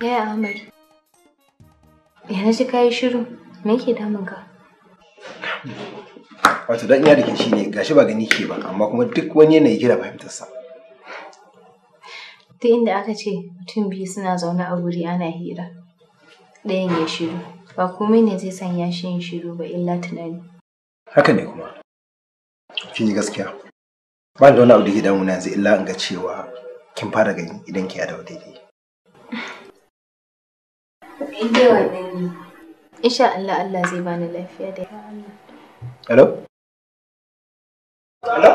Yaya Ahmad, ya na ji ka yi shiru, me yake damun ka? Wato dan iya da shi ne gashi ba gani ke ba, amma kuma duk wani yanayi fahimtar fahimtarsa. Duk inda aka ce mutum biyu suna zaune a guri ana hira, ɗayan ya shiru, ba komai ne zai sanya shi yin shiru ba illa tunani. Haka ne kuma, kin yi gaskiya. Ba da wani abu da ke damuna yanzu illa in ga cewa kin fara gani idan ki ya dawo daidai. In dai wannan ne. Insha Allah Allah zai bani lafiya da yawa. Allah. Hello? Hello?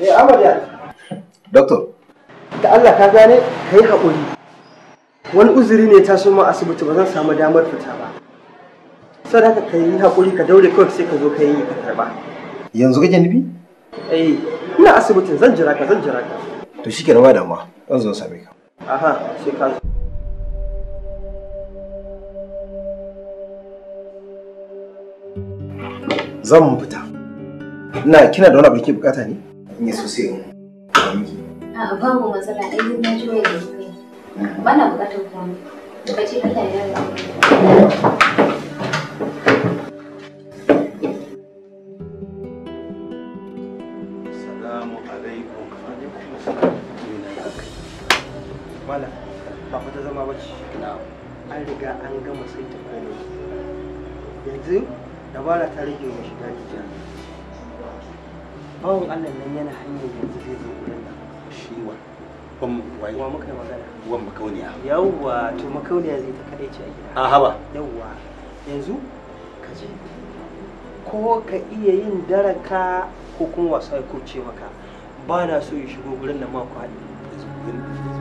Eh Amarya. Doctor. Da Allah ka gane kai hakuri. Wani uzuri ne ta suma asibiti ba zan samu damar fita ba. Sai haka ka yi hakuri ka daure kawai sai ka zo ka yi ka karba. Yanzu kake nufi? Eh, ina asibitin zan jira ka zan jira ka. To shi ke rawa da ma, zan zo same ka. Aha, se ka zo. Zan fita. Ina kina da wani abu ke bukata ne? In yi sosai in. A'a babu matsala ai na ji wayar da kai. Bana bukatar komai. Ka ce Allah ya yarda. yanzu dabara ta rage wa shiga jijiyar. bawan allah nan yana hanyar yanzu zai zo wurin nan shi wa wan wai wa muka magana wan makauniya yawwa to makauniya zai ta kadai ce a gida a haba yawwa yanzu ka je ko ka iya yin daraka ko kuma wasa ya kurce maka ba na so ya shigo gurin nan ma kwaɗi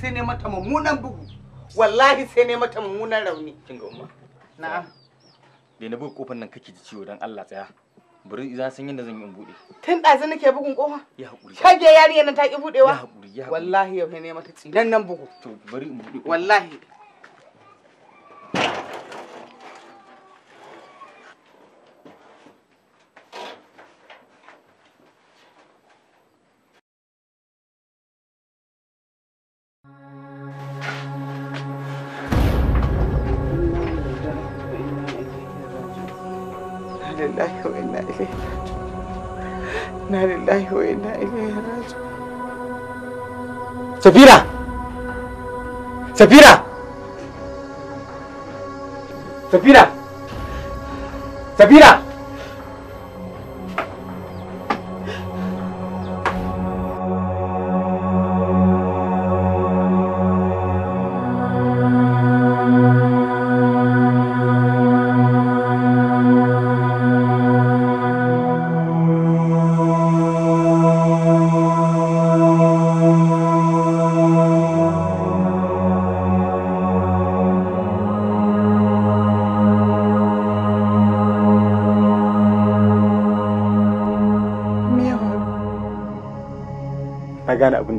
sai ne mata mummunan bugu wallahi sai ne mata mummunan rauni kin ga umma na'am da na bugu kofar nan kake ji ciwo dan Allah tsaya bari za san yadda zan yi in bude tun da zan nake bugun kofa ya hakuri kage yarinya nan ta ki budewa ya hakuri ya wallahi yau ne mata tsinan nan bugu to bari in bude wallahi Safira! Safira! Safira! Safira!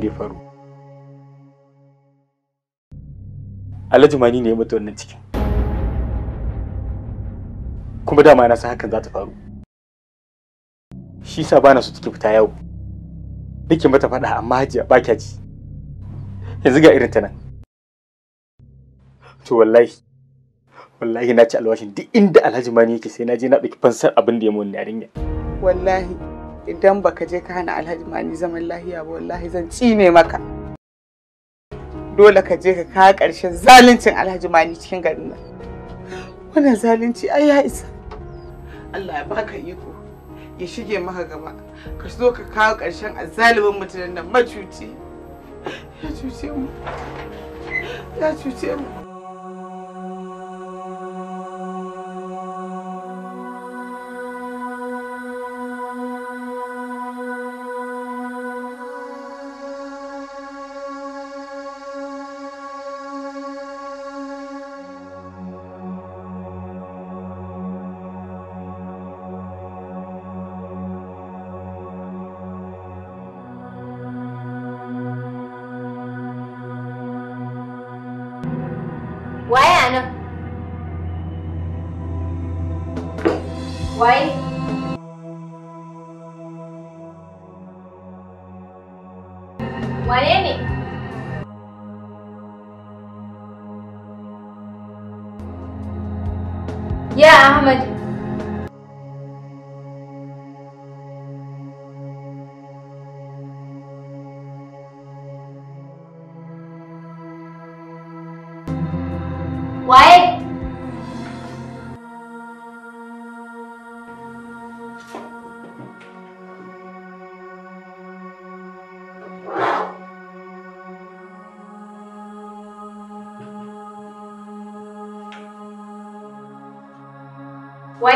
abin da ya faru alhaji mani ne ya mutu wannan cikin kuma dama na san hakan za ta faru shi sa bana so take fita yawo nake mata faɗa amma hajiya ba kya ji yanzu ga irin ta nan to wallahi wallahi na ci alwashin duk inda alhaji mani yake sai na je na ɗauki fansar abin da ya mun yarinya wallahi idan baka je ka hana alhaji mani zaman lahiya ba wallahi zan ne maka dole ka je ka kawo ƙarshen zaluncin alhaji mani cikin garin nan wannan zalunci ai ya isa Allah ya baka iko ya shige maka gaba ka zo ka kawo ƙarshen azalumin mutanen nan macuci ya cuce mu ya cuce mu oil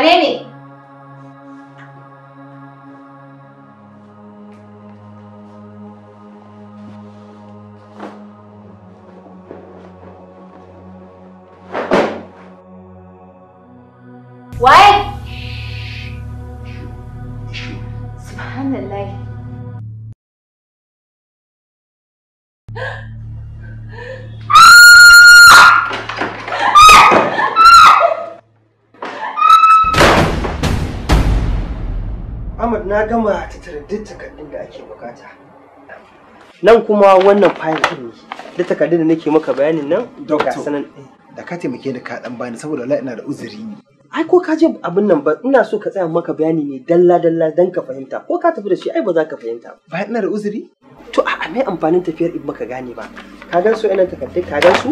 Banana Muhammad na gama tattara duk takardun da ake bukata. Nan kuma wannan fayil ɗin ne. Duk takardun da nake maka bayanin nan ga sanan eh. da ka taimake da ka dan bani saboda wallahi ina da uzuri ne. Ai ko ka je abin nan ba ina so ka tsaya maka bayani ne dalla dalla dan ka fahimta ko ka tafi da shi ai ba za ka fahimta. Ba ina da uzuri? To a mai amfanin tafiyar in maka gane ba. Ka gan su ina takardun ka gan su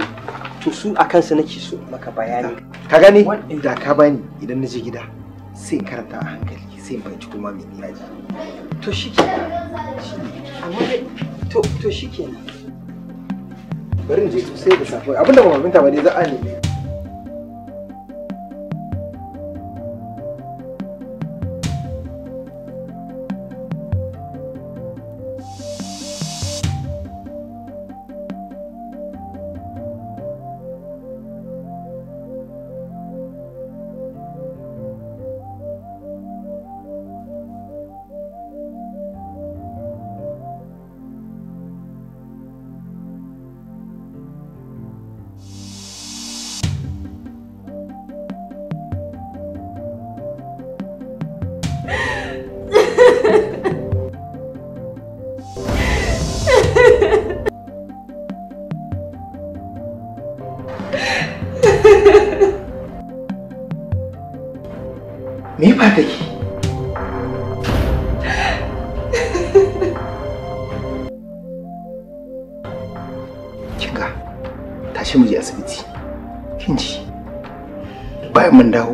to su a kansa nake so maka bayani. Ka gane? Da ka bani idan na je gida sai karanta a hankali. sai ci kuma mai yaji to shi ke to to shi ke bari in je sosai da safe abinda ba maminta ba dai za a nemi me ya fata ki kika tashi mu je asibiti kinji bayan mun dawo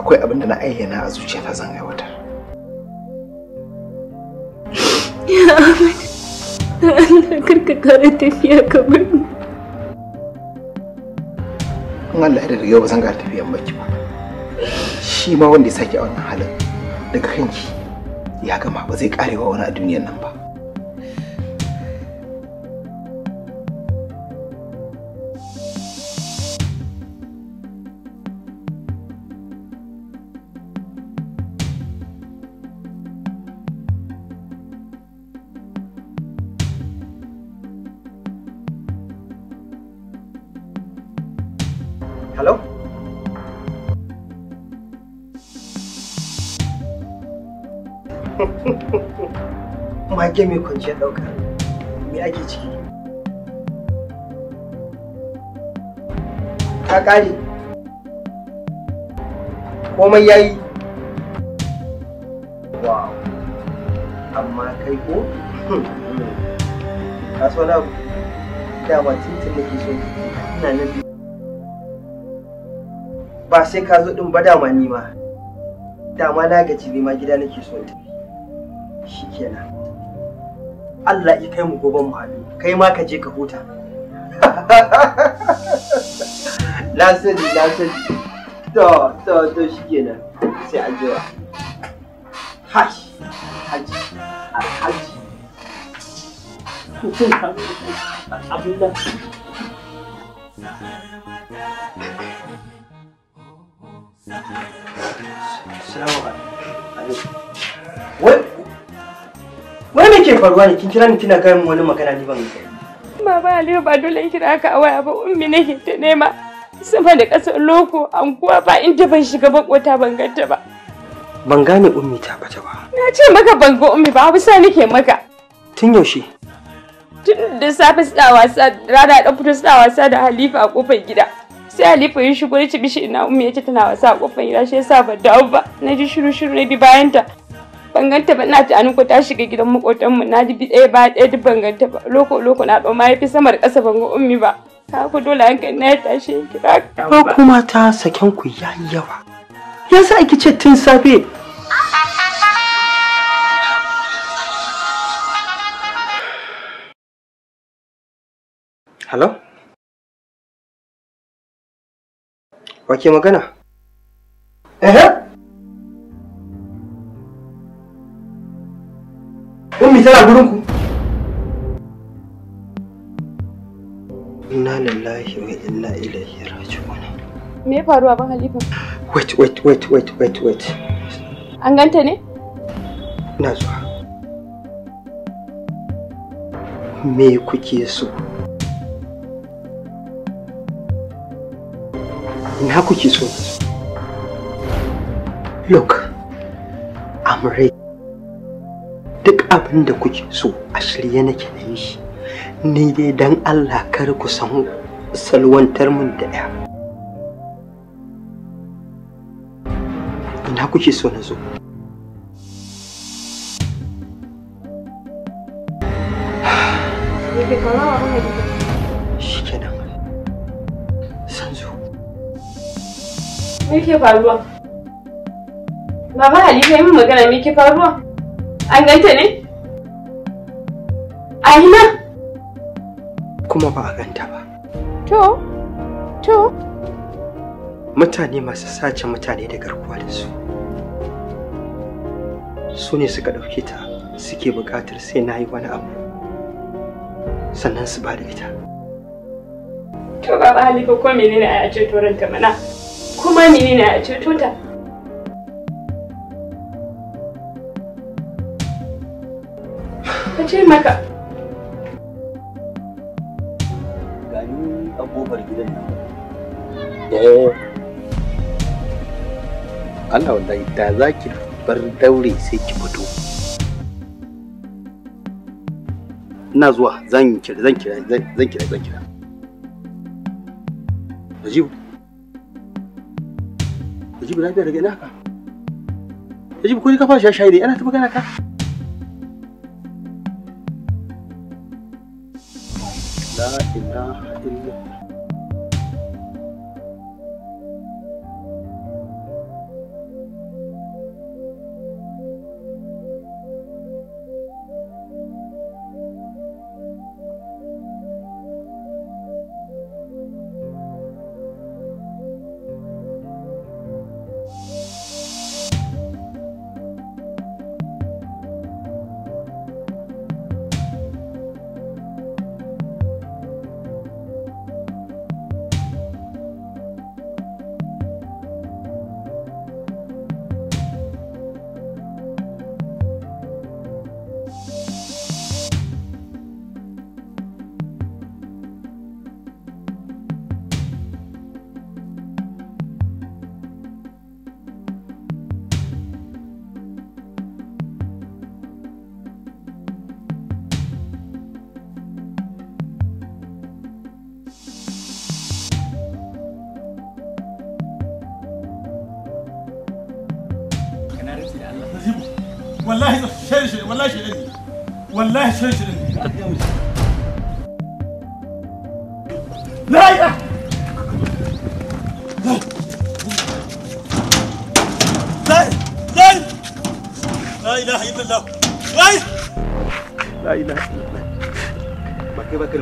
akwai abin da na ayyana a zuciyata zan aiwatar ya amince Allah karka tafiya kamar ni. Allah da rige ba zan ga tafiyan baki ba. shi ma wanda ya sake a wannan halin daga kanki ya gama ba zai karewa wani a duniyar nan ba Mage mai kwanciyar ɗauka, me ake ciki? Ta ƙare, komai ya yi. Wow, amma kai ko? so na dama tuntun da ke so ina nan ba sai ka zo ɗin ba dama ni ma. Dama na gaji ma gida nake so ta. shikenan Allah ya kai mu goban mu haɗu kai ma ka je ka huta na sani na sani to to to shikenan sai an jira hash haji alhaji abinda Salamu alaikum. Wai wai me ke faruwa ne kin kira ni kina gaya min wani magana ni ban kai baba aliyu ba dole in kira ka a waya ba ummi nake ta nema sama da ƙasar loko an kuwa ba inda ban shiga bakota ban ganta ba ban gane ummi ta ba ta ba na ce maka ban ga ummi ba bisa nake maka tun yaushe tun da safe suna wasa rana da fito suna wasa da halifa a kofar gida sai halifa ya shigo ya ci bishi ina ummi ya ce tana wasa a kofar gida shi yasa ba dawo ba na ji shiru shiru na bi bayan ta Banganta ganta ba ina tunanin ko ta shiga gidan makotan mu ji bi ɗaya eh, ba ɗaya duk banganta ba loko loko na ɗau ma yafi da ƙasa ban ga ummi ba ta ku dole kai na ya tashi kira ko kuma ta saken ku ya yi yawa ya sa ki ce tun safe Hello? Wake magana? Ehe? ummi tana gurinku. ku inna lillahi wa inna ilaihi raji'un me ya faru abin halifa wait wait wait wait wait wait an ganta ne ina zuwa me kuke so ina kuke so look i'm ready duk abin da kuke so a shirye nake na yi shi ni dai dan Allah kar ku san salwantar mun da ɗaya ina kuke so na zo shikenan san zo me ke faruwa Baba Ali yi min magana me ke faruwa? An ganta ne? Aina? Kuma ba a ganta ba. To, to. Mutane masu sace mutane da garkuwa da su. Su ne suka ɗauke ta suke buƙatar sai na yi wani abu. Sannan su ba da ita. To, ba ba halifa ko menene a ceto ranta mana? Kuma menene a ceto ta? Ka ce maka. Gani a gidan nan. Eh. Allah wallahi da za ki bar daure sai ki fito. Ina zuwa zan kira zan kira zan kira zan kira. Najibu. Rajibu lafiya daga ina ka? Najibu ko ni ka fara shaye-shaye ne ana ta magana ka? wallahi shaidan shaidan wallahi shaidan ne لا اله الا الله لا اله الا الله ba kai baka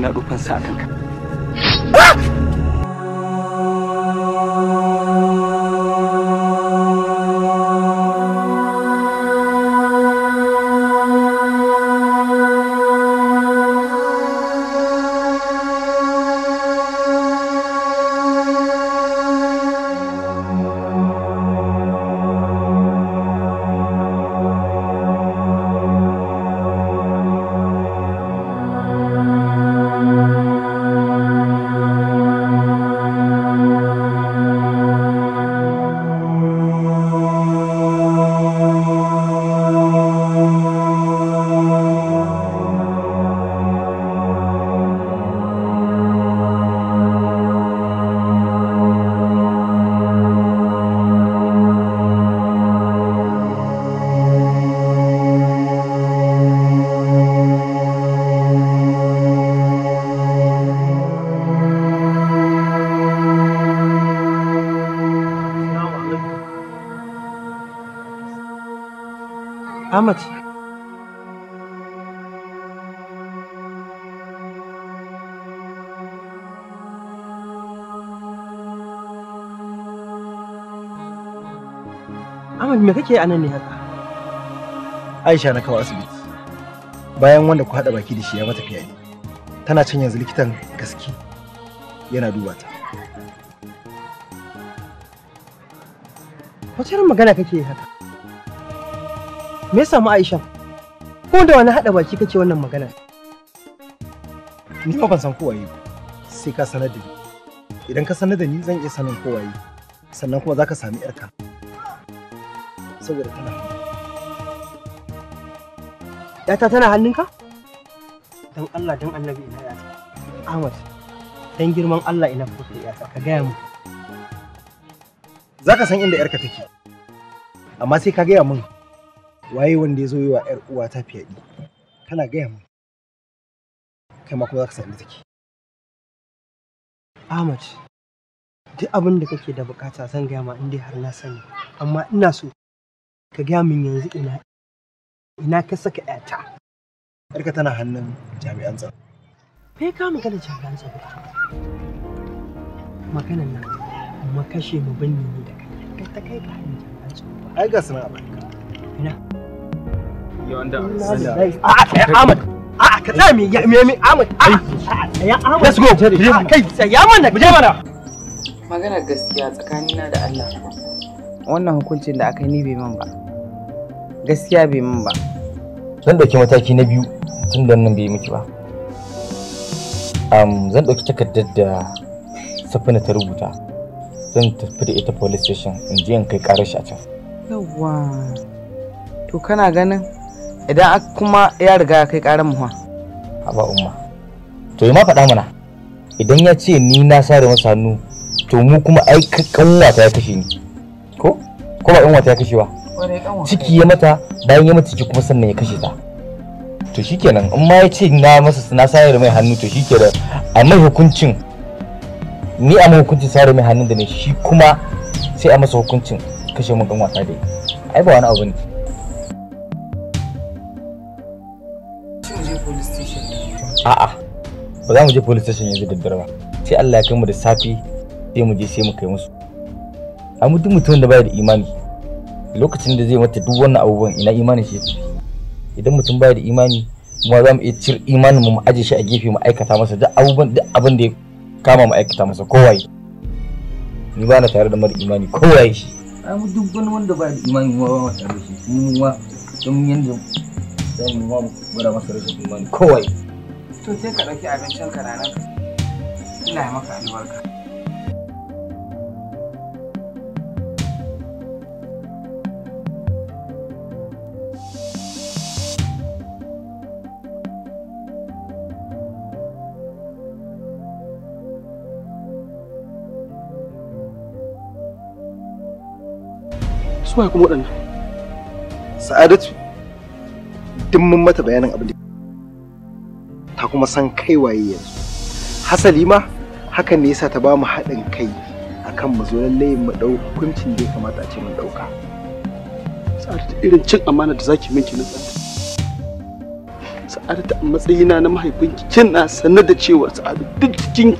na dofan sa mace Ahmad me kake a nan ne haka? Aisha na kawo asibiti. Bayan wanda ku haɗa baki da shi ya mata fiye. Tana can yanzu likitan gaske yana duba ta. Wace magana kake haka? me ya samu Aisha ko da wani haɗa baki kake wannan magana ni ma ban san ko waye sai ka sanar da ni idan ka sanar da ni zan iya sanin ko waye sannan kuma zaka sami ƴarka saboda tana yata tana hannunka dan Allah dan Annabi ina yata Ahmad dan girman Allah ina kuka yata ka gaya mu zaka san inda ƴarka take amma sai ka gaya mun waye wanda ya zo yi wa ‘yar uwata fyaɗe kana gaya min kai ma kuma za ka sami take Ahmad duk abin da kake da bukata zan gaya ma in har na sani amma ina so ka gaya min yanzu ina ina ka saka ƴata ‘yarka tana hannun jami'an tsaro kai ka magana jami'an tsaro maganan nan mu kashe mu binne ne da kai Ka kai ka hannun jami'an tsaro ai ga sana'a ina Ahmad a'a ka tsaya me me Ahmad a'a ya Ahmad let's go kai tsaya mana je mana magana gaskiya tsakanina da Allah wannan hukuncin da aka yi ni bai min ba gaskiya bai min ba zan dauki mataki na biyu tun da nan bai miki ba zan dauki takardar da safina ta rubuta zan tafi da ita police station in je in kai karar shi a can yawwa to kana ganin idan kuma ya riga ya kai karan muha haba umma to yi ma faɗa mana idan ya ce ni na sare masa hannu to mu kuma ai kanwa ta ya kashe ni ko ko ba kanwa ta ya kashe ba ciki ya mata bayan ya mata ciki kuma sannan ya kashe ta to shikenan in ma ya ce na masa na sare mai hannu to shikenan mai hukuncin ni a mai hukuncin sare mai hannun da ne shi kuma sai a masa hukuncin kashe mun kanwa ta dai ai ba wani abu ne a'a ba za mu je police station yanzu daddare ba sai Allah ya kai mu da safi sai mu je sai mu kai musu a duk mutumin da baya da imani lokacin da zai mata duk wannan abubuwan ina imanin shi idan mutum baya da imani kuma za mu iya cir imanin mu aje shi a gefe mu aikata masa duk abubuwan duk abin da ya kama mu aikata masa kowai ni ba na tare da mara imani kowai. shi a mu duk wani wanda baya da imani mu ba mu tare da shi mu ma don yanzu za mu ma mu gwada masa rashin imani kowaye to sai ka ɗauki abincin ka ranar ina yi maka albarka Suwaye kuma waɗannan? Sa'adatu, dimmin mata bayanin abin da ta kuma san kai waye yanzu hasali ma hakan ne yasa ta ba mu haɗin kai akan mu zo lallai mu ɗau hukuncin da ya kamata a ce mun ɗauka sa'adatu irin cin amana da zaki minki na tsada sa'adatu a matsayina na mahaifinki kina sanar da cewa sa'adu duk cikin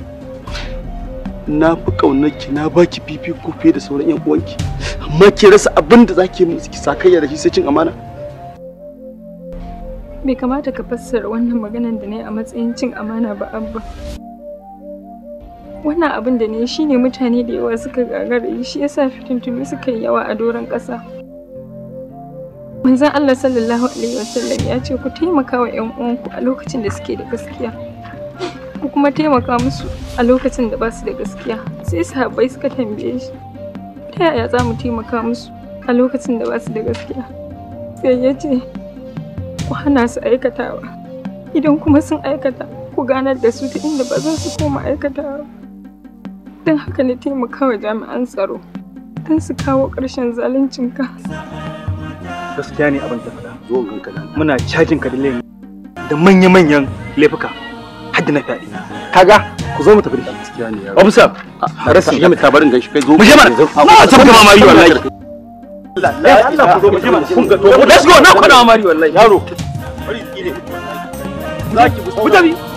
na fi ƙaunarki na baki fifi kofi da sauran 'yan uwanki amma ki rasa abin da zaki min sakayya da shi sai cin amana Bai kamata ka fassara wannan maganan da na yi a matsayin cin amana ba abba. Wannan abin da ne shi ne mutane da yawa suka gagara yi shi yasa fitintunu suka yi yawa a doron ƙasa. Manzon Allah sallallahu alaihi wasallam ya ce ku taimaka wa 'yan uwanku a lokacin da suke da gaskiya. Ku kuma taimaka musu a lokacin da ba su da gaskiya. Sai sahabbai suka tambaye shi. Ta yaya za mu taimaka musu a lokacin da ba su da gaskiya? Sai ya ce ku hana su aikatawa idan kuma sun aikata ku ganar da su ta inda ba za su koma aikatawa don haka ne taimaka wa jami'an tsaro don su kawo ƙarshen zaluncinka gaskiya ne abin da faɗa ganka da muna cajin ka da da manya-manyan laifuka har da na fyaɗe kaga ku zo mu tafi da shi gaskiya ne ya officer a rasa ya mutabarin tabarin gaishe kai zo mu je mana na tabbata ma mai wallahi Allah ku zo ga to let's go na kwana mari wallahi yaro bari ki ne zaki